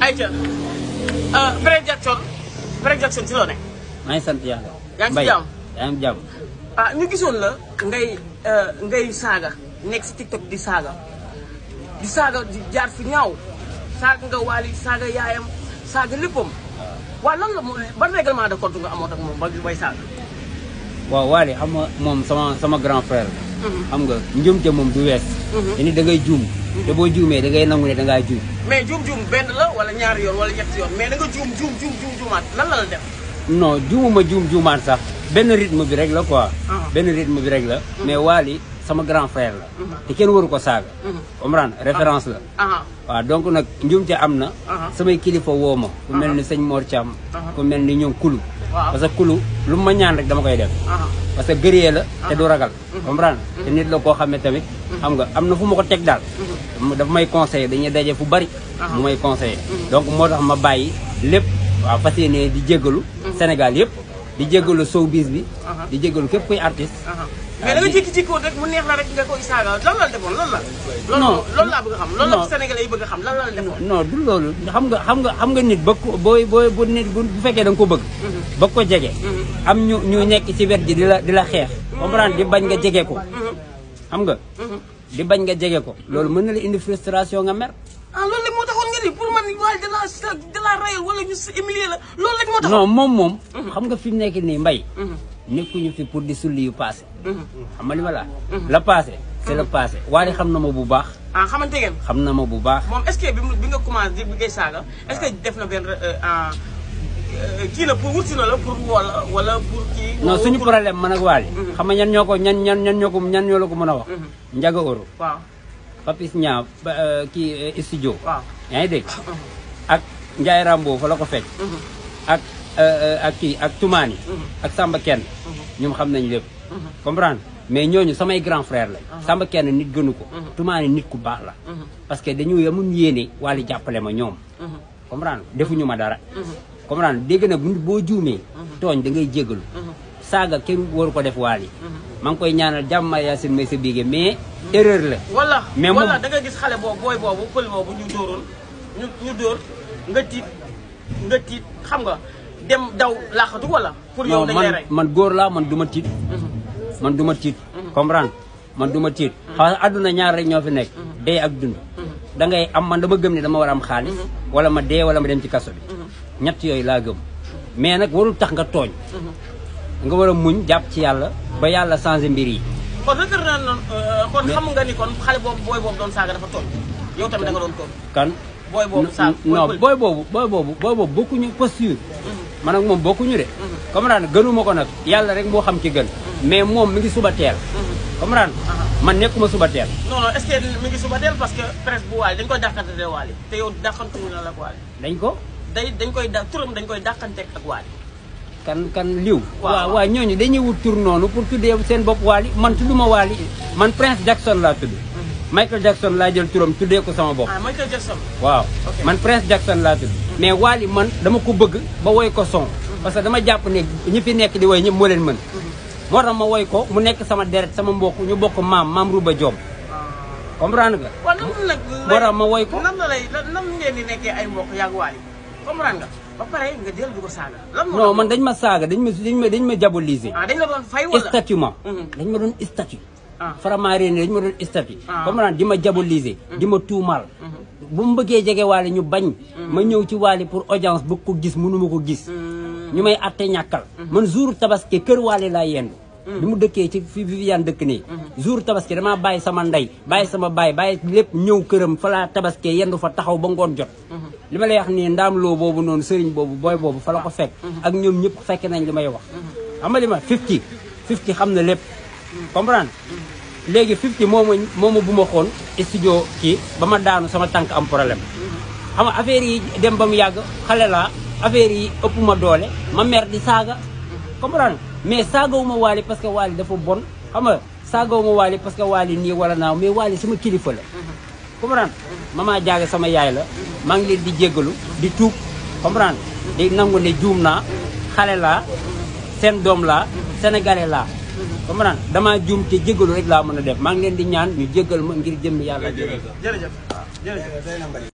ayca euh, Fred Jackson Fred ci loo ne. maa ngi sant yàlla. yaa ngi ci jàmm yaa ngi jàmm. ah ñu gisoon la ngay euh, ngay saaga nekk si TikTok di saaga di saaga di jaar fi ñaaw saaga nga waali saaga yaayam saaga léppam waaw lan la ban règlement de compte nga amoon ak moom ba bay saaga. waaw waali xam nga moom sama sama grand frère. Mhm. xam nga njumte moom du wees. te ni da te boo juumee da ngay nangu ne da ngaa juum. mais juum-juum benn la wala ñaar yoon wala ñetti yoon mais da nga juum juum juum juum juumaat la la def. non juumuma juum juumaat sax benn rythme bi rek la quoi. Ah. benn rythme bi rek la. Mm-hmm. mais Wally sama grand frère la. Mm-hmm. te kenn waru ko saaga. Mm-hmm. comprendre ah. référence la. Ah. waaw donc nag njuumte am na. samay kilifa woo ma. ku mel ni sëñ Mor Thiam. ku mel ni ñoom Kulu. parce que Kulu lu ma ñaan rek dama koy def. parce que gëree la te du ragal. comprendre te nit la koo xam ne tamit. xam nga am na fu ma ko teg daal. dafa may conseillé dañuy daje fu bari ah. mu may conseillé mm-hmm. donc moo tax ma bàyyi lépp waaw fas yéene di jégalu mm-hmm. Sénégal yëpp di jégalu showbiz bi uh-huh. di jégalu képp kuy artiste uh-huh. mais da nga jékki-jékki woon rek mu neex la rek nga koy saaga lan la defoon la loolu loolu laa bëgg a la yi bëgg xam la defoon non du loolu xam nga xam nga xam nga nit bëgg ko booy booy bu nit bu fekkee da ko bëgg mm-hmm. bëgg ko jege am ñu ñu nekk ci wet gi di la di la xeex comprendre di bañ nga jege ko xam nga di bañ nga jege ko loolu mën na la indi frustration nga mer. ah loolu lépp moo taxoon nga ni pour man waaye da laa da laa rayal wala ñu humilier la loolu lépp moo taxoon. non moom moom. Mhm. xam nga fi mu nekk nii mbay. Mhm. nekkuñu fi pour di sulli yu passé. Mhm. xam nga li ma la la passé. c'est le passé waaye xam na ma bu baax. ah xamante ngeen. xam na ma bu baax. moom est-ce que bi nga commencé bi ngay saaga. est-ce que def na benn euh, kii la pour wut si na la pour wala wala pour kii. non suñu problème man ak waa ji. Mm-hmm. xam nga ñan ñoo ko ñan ñan ñan ñoo ko ñan ñoo la ko mën a wax. Mm-hmm. Ndiaga Oro. waaw Papis Niang euh, kii euh, studio. waaw yaa ngi dégg. Mm-hmm. ak Ndiaye Rambo fa la ko fekk. ak euh, ak kii ak Toumani. ak Samba Kenn. ñoom xam nañ lépp. comprendre mais ñooñu samay grand frère lañ. Samba Kenn nit gënu ko. Toumani nit ku baax la. parce que dañu yemuñ yéene wàllu jàppale ma ñoom. comprendre defuñu ma dara. comprendre dégg na boo juumee mhm. tooñ da ngay jéggalu mhm. saaga kenn waru ko def waali mhm. maa ngi koy ñaanal jàmm Yacine may sa biige mais erreur la wala mais wala da nga gis xale boobu booy boobu pël boobu ñu dóoroon ñu ñu dóor nga tiit nga tiit xam nga dem daw laaxatu wala pour yow dañ man góor laa man du ma tiit man du ma tiit comprendre man du ma tiit xaw àdduna ñaar rek ñoo fi nekk dee ak dund da ngay am man dama gëm ne dama war a am xaalis wala ma dee wala ma dem ci kaso bi ñett yooyu laa gëm mais nag warul tax nga tooñ nga war a muñ jàpp ci yàlla ba yàlla changé mbir yi kon rëkër naa noonu euh, kon xam nga ni kon xale boobu booy boobu doon saaga dafa tooñ yow tamit da nga doon ko kan booy boobu saaga non booy boobu booy boobu booy boobu bokkuñu posture mhm. man ak moom bokkuñu de mhm. comprendre gënuma ko nag yàlla rek moo xam ci gën mhm. mais moom mi ngi suba teel comprendre man nekkuma suba teel non non est-ce mi ngi suba teel parce que presse bu waali dañ ko dàqante de waali te yow dàqantuñu na la waali dañ ko day dañ koy da turam dañ koy dàqanteeg ak waali kan kan liw waaw waa ñooñu dañuy wut tur noonu pour tuddee seen bopp waali man tudduma waali man Prince Jackson laa tudd mhm. Michael Jackson laa jël turam tuddee ko sama bopp ah, Michael Jackson waaw man Prince Jackson laa tudd mhm. mais waali man dama ko bëgg ba woy ko son mhm. parce que dama jàpp nekk ñi fi nekk di woy ñëpp moo leen mën moo tax ma woy ko mu nekk sama deret sama mbokk ñu bokk maam maam Rouba Diop ah. comprendre nga moo tax ma woy ko nan la lay ñu ngeen di nekkee ay mbokk yàgg waali comprendre nga nga man dañ ma saaga dañ ma dañ ma dañ ma diaboliser. ah dañ doon fay wala statut ma. doon statut. ah Faramareen dañ ma doon statut. Ah. Ah. comprendre di ma diaboliser. Mm-hmm. di ma tuumaal. Mm-hmm. bu mu bëggee jege waale ñu bañ. Mm-hmm. ma ñëw ci waale pour audience bëgg ko gis mënuma ko gis. ñu may atte ñàkkal. man jour tabaski kër waale laa yendu. bi mu dëkkee ci fi Viviane dëkk nii. jour tabaski damaa bàyyi sama ndey bàyyi sama baay bàyyi lépp ñëw këram falaa laa tabaski yendu fa taxaw ba ngoon jot. li ma lay wax nii ndaam loo boobu noonu sëriñ boobu booy boobu fa la ko fekk mhm. ak ñoom ñëpp fekk nañ li may wax mhm. xam nga li ma fifty fifty xam na lépp mhm. comprendre léegi fifty mooma mooma bu ma xoon studio kii ba ma daanu sama tànk am problème ama nga yi dem ba mu yàgg xale laa affaire yi ëpp ma doole ma mer di saaga comprendre mais saagawuma waali parce que waali dafa bon xam nga saagawuma waali parce que waali nii wala naaw mais waali sama kilifa la comprendre mamaa jaaga sama yaay la maa ngi leen di jéggalu di tuub comprendre di nangu ne juum naa xale laa seen doom laa sénégalais laa comprendre damaa juum ci jéggalu rek laa mën a def maa ngi leen di ñaan ñu jéggal ma ngir jëm yàlla a jërëjëf